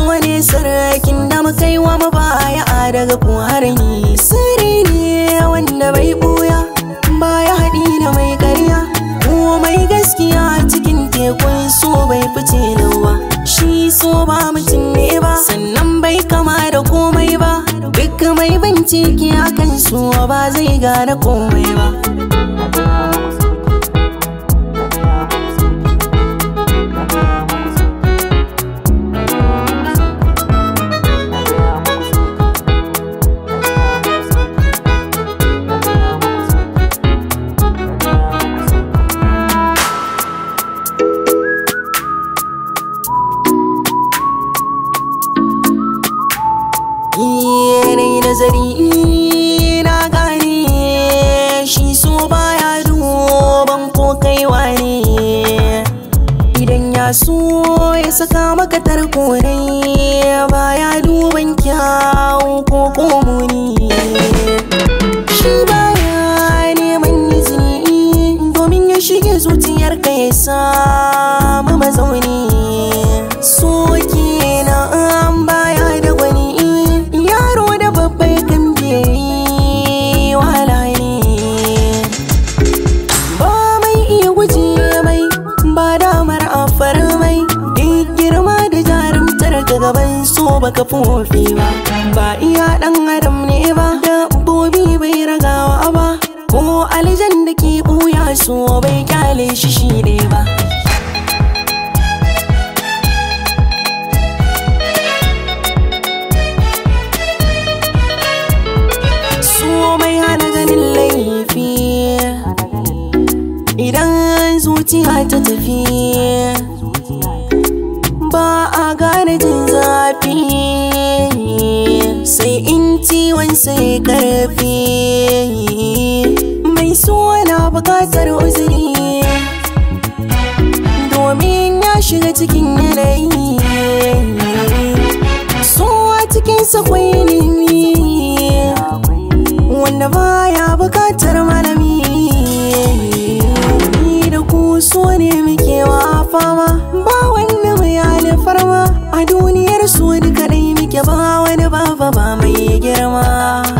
su wani sarakin da muka yi wa mabaya a daga kuharni sirri ne wanda bai buya baya haɗi da mai karya ko mai gaskiya cikin tekun so bai fice nawa shi so ba mutum ne ba sannan bai kama da komai ba duk mai bincike akan so ba zai gane komai ba nazari na gane shi so baya duban ko kai wane idan ya so ya saka maka tarkonai baya duban kyau ko komuni shi baya neman izini domin ya shige zuciyarka ya samu mazauni soki Ba ka baka wofi ba ba iya dan adam ne ba dabbobi bai ragawa ba ko aljan da ke buya su? bai kyale shi shi ne ba Idan zuciya ta tafi ba a gane jin zafi sai in ciwon sai karfi mai suna bukatar uzuri domin ya shiga cikin yanayi suwa a sakwai kwai Wanda ba ya bukatar malami ni da ku so ne muke wa fama ni wani fa ba mai girma